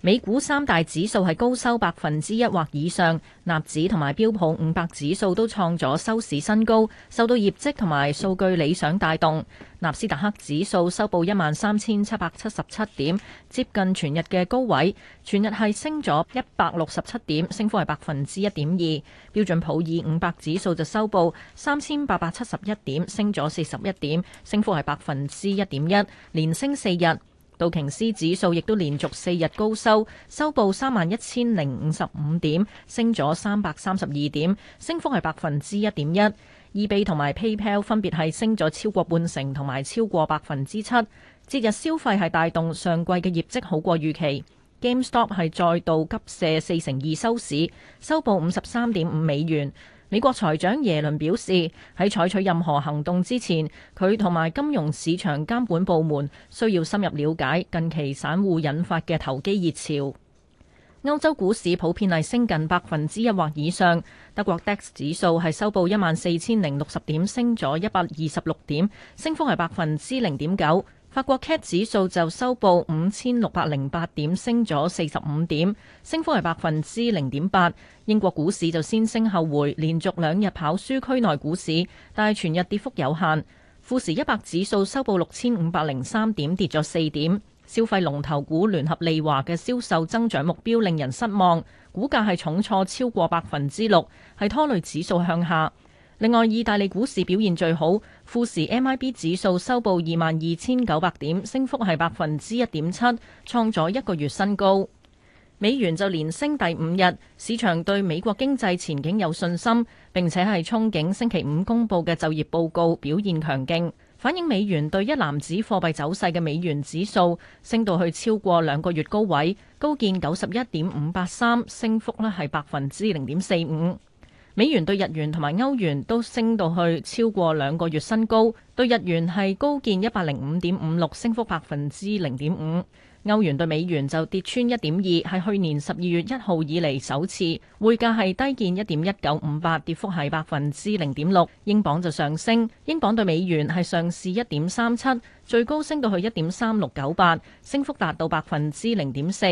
美股三大指數係高收百分之一或以上，納指同埋標普五百指數都創咗收市新高，受到業績同埋數據理想帶動。納斯達克指數收報一萬三千七百七十七點，接近全日嘅高位。全日係升咗一百六十七點，升幅係百分之一點二。標準普爾五百指數就收報三千八百七十一點，升咗四十一點，升幅係百分之一點一，連升四日。道瓊斯指數亦都連續四日高收，收報三萬一千零五十五點，升咗三百三十二點，升幅係百分之一點一。eBay 同埋 PayPal 分別係升咗超過半成同埋超過百分之七。節日消費係帶動上季嘅業績好過預期。GameStop 係再度急瀉四成二收市，收報五十三點五美元。美國財長耶倫表示，喺採取任何行動之前，佢同埋金融市場監管部門需要深入了解近期散戶引發嘅投機熱潮。歐洲股市普遍係升近百分之一或以上，德國 DAX 指數係收報一萬四千零六十點，升咗一百二十六點，升幅係百分之零點九。法國 CAC 指數就收報五千六百零八點，升咗四十五點，升幅係百分之零點八。英國股市就先升後回，連續兩日跑輸區內股市，但係全日跌幅有限。富時一百指數收報六千五百零三點，跌咗四點。消費龍頭股聯合利華嘅銷售增長目標令人失望，股價係重挫超過百分之六，係拖累指數向下。另外，意大利股市表現最好，富時 MIB 指數收報二萬二千九百點，升幅係百分之一點七，創咗一個月新高。美元就連升第五日，市場對美國經濟前景有信心，並且係憧憬星期五公布嘅就業報告表現強勁，反映美元對一籃子貨幣走勢嘅美元指數升到去超過兩個月高位，高見九十一點五八三，升幅呢係百分之零點四五。美元兌日元同埋歐元都升到去超過兩個月新高。對日元係高見一百零五點五六，升幅百分之零點五。歐元兌美元就跌穿一點二，係去年十二月一號以嚟首次。匯價係低見一點一九五八，跌幅係百分之零點六。英鎊就上升，英鎊兌美元係上試一點三七，最高升到去一點三六九八，升幅達到百分之零點四。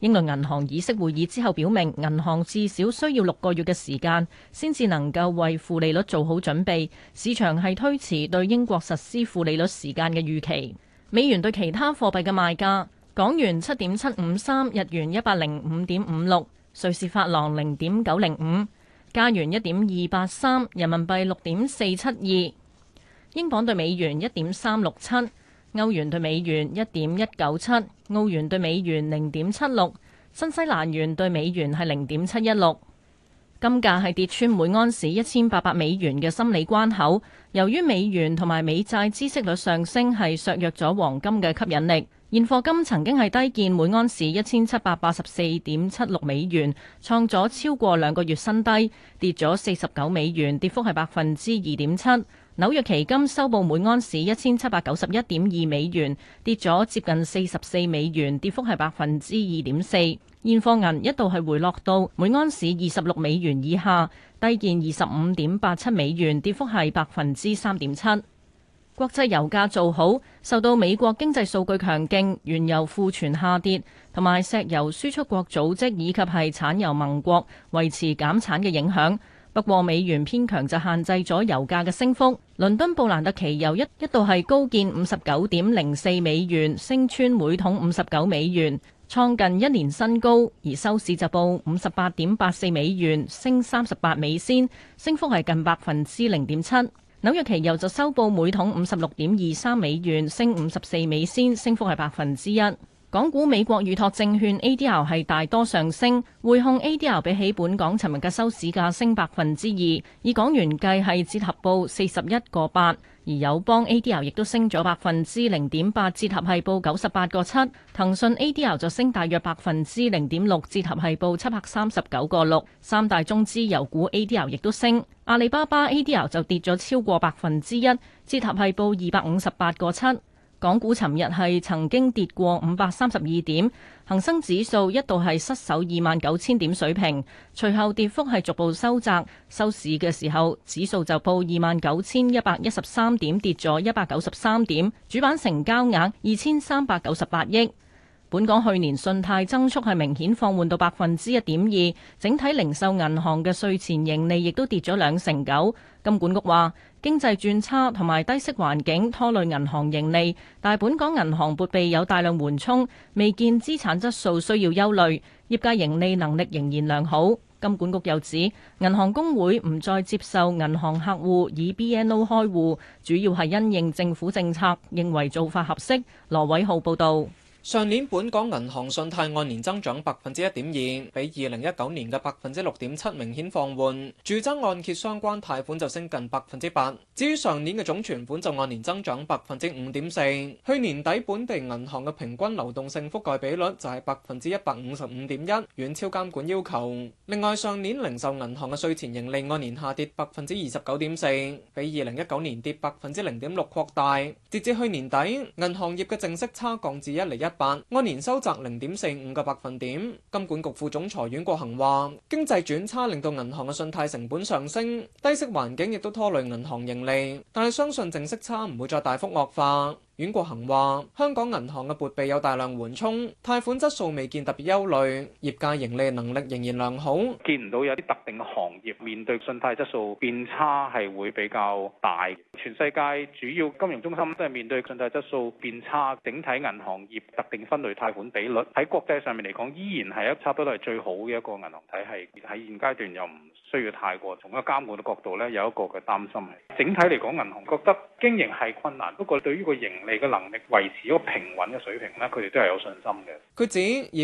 英倫銀行議息會議之後，表明銀行至少需要六個月嘅時間，先至能夠為負利率做好準備。市場係推遲對英國實施負利率時間嘅預期。美元對其他貨幣嘅賣價：港元七點七五三，日元一百零五點五六，瑞士法郎零點九零五，加元一點二八三，人民幣六點四七二，英鎊兌美元一點三六七。歐元兌美元一點一九七，澳元兌美元零點七六，新西蘭元兌美元係零點七一六。金價係跌穿每盎司一千八百美元嘅心理關口，由於美元同埋美債孳息率上升係削弱咗黃金嘅吸引力。現貨金曾經係低見每盎司一千七百八十四點七六美元，創咗超過兩個月新低，跌咗四十九美元，跌幅係百分之二點七。紐約期金收報每安士一千七百九十一點二美元，跌咗接近四十四美元，跌幅係百分之二點四。現貨銀一度係回落到每安士二十六美元以下，低見二十五點八七美元，跌幅係百分之三點七。國際油價做好，受到美國經濟數據強勁、原油庫存下跌、同埋石油輸出國組織以及係產油盟國維持減產嘅影響。不過美元偏強就限制咗油價嘅升幅。倫敦布蘭特期油一一度係高見五十九點零四美元，升穿每桶五十九美元，創近一年新高，而收市就報五十八點八四美元，升三十八美仙，升幅係近百分之零點七。紐約期油就收報每桶五十六點二三美元，升五十四美仙，升幅係百分之一。港股、美國預託證券 ADR 係大多上升，匯控 ADR 比起本港尋日嘅收市價升百分之二，以港元計係折合報四十一個八；而友邦 ADR 亦都升咗百分之零點八，折合係報九十八個七。騰訊 ADR 就升大約百分之零點六，折合係報七百三十九個六。三大中資油股 ADR 亦都升，阿里巴巴 ADR 就跌咗超過百分之一，折合係報二百五十八個七。港股尋日係曾經跌過五百三十二點，恒生指數一度係失守二萬九千點水平，隨後跌幅係逐步收窄。收市嘅時候，指數就報二萬九千一百一十三點，跌咗一百九十三點。主板成交額二千三百九十八億。本港去年信貸增速係明顯放緩到百分之一點二，整體零售銀行嘅稅前盈利亦都跌咗兩成九。金管局話經濟轉差同埋低息環境拖累銀行盈利，但係本港銀行撥備有大量緩衝，未見資產質素需要憂慮，業界盈利能力仍然良好。金管局又指銀行公會唔再接受銀行客戶以 BNO 開戶，主要係因應政府政策，認為做法合適。羅偉浩報道。上年本港銀行信貸按年增長百分之一點二，比二零一九年嘅百分之六點七明顯放緩。住宅按揭相關貸款就升近百分之八。至於上年嘅總存款就按年增長百分之五點四。去年底本地銀行嘅平均流動性覆蓋比率就係百分之一百五十五點一，遠超監管要求。另外，上年零售銀行嘅稅前盈利按年下跌百分之二十九點四，比二零一九年跌百分之零點六擴大。截至去年底，銀行業嘅淨息差降至一厘一。按年收窄零點四五個百分點。金管局副總裁阮國恒話，經濟轉差令到銀行嘅信貸成本上升，低息環境亦都拖累銀行盈利。但係相信淨息差唔會再大幅惡化。阮國恒話：香港銀行嘅撥備有大量緩衝，貸款質素未見特別憂慮，業界盈利能力仍然良好。見唔到有啲特定嘅行業面對信貸質素變差係會比較大。全世界主要金融中心都係面對信貸質素變差，整體銀行業特定分類貸款比率喺國際上面嚟講，依然係一差唔多都係最好嘅一個銀行體系。喺現階段又唔需要太過從一個監管嘅角度咧，有一個嘅擔心。整體嚟講，銀行覺得經營係困難，不過對於個盈利。係個能力維持一個平穩嘅水平咧，佢哋都係有信心嘅。佢指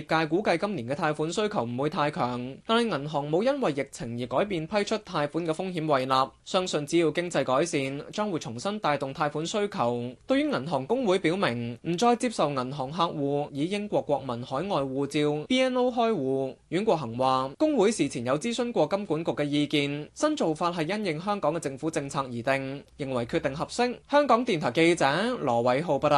業界估計今年嘅貸款需求唔會太強，但係銀行冇因為疫情而改變批出貸款嘅風險胃納，相信只要經濟改善，將會重新帶動貸款需求。對於銀行公會表明唔再接受銀行客戶以英國國民海外護照 BNO 開戶，阮國恒話公會事前有諮詢過金管局嘅意見，新做法係因應香港嘅政府政策而定，認為決定合適。香港電台記者羅偉。幾好不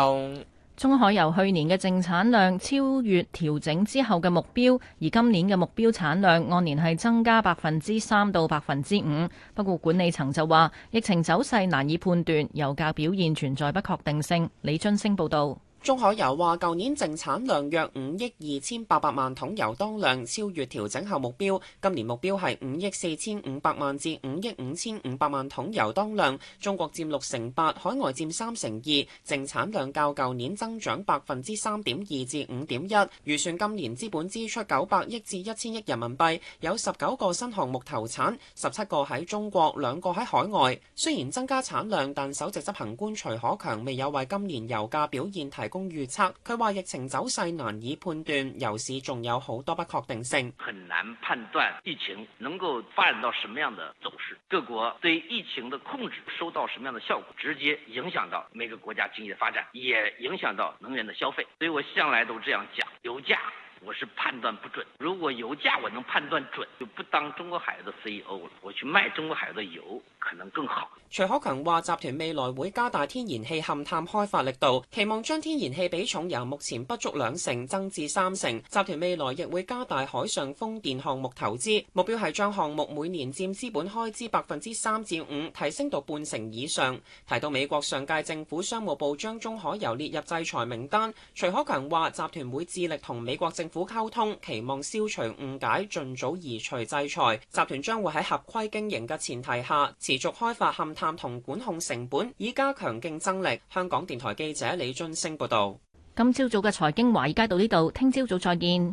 中海油去年嘅淨產量超越調整之後嘅目標，而今年嘅目標產量按年係增加百分之三到百分之五。不過管理層就話，疫情走勢難以判斷，油價表現存在不確定性。李津升報道。中海油話：舊年淨產量約五億二千八百萬桶油當量，超越調整後目標。今年目標係五億四千五百萬至五億五千五百萬桶油當量。中國佔六成八，海外佔三成二。淨產量較舊年增長百分之三點二至五點一。預算今年資本支出九百億至一千億人民幣，有十九個新項目投產，十七個喺中國，兩個喺海外。雖然增加產量，但首席執行官徐可強未有為今年油價表現提。公預測，佢話疫情走勢難以判斷，油市仲有好多不確定性。很難判斷疫情能夠發展到什麼樣的走勢，各國對疫情的控制收到什麼樣的效果，直接影響到每個國家經濟的發展，也影響到能源的消費。所以我向來都這樣講，油價。我是判斷不準，如果油價我能判斷準，就不當中國海油的 CEO 了，我去賣中國海的油可能更好。徐可強話：集團未來會加大天然氣勘探開發力度，期望將天然氣比重由目前不足兩成增至三成。集團未來亦會加大海上風電項目投資，目標係將項目每年佔資本開支百分之三至五提升到半成以上。提到美國上屆政府商務部將中海油列入制裁名單，徐可強話：集團會致力同美國政政府溝通，期望消除誤解，盡早移除制裁。集團將會喺合規經營嘅前提下，持續開發勘探同管控成本，以加強競爭力。香港電台記者李津升報道。今朝早嘅財經華爾街到呢度，聽朝早再見。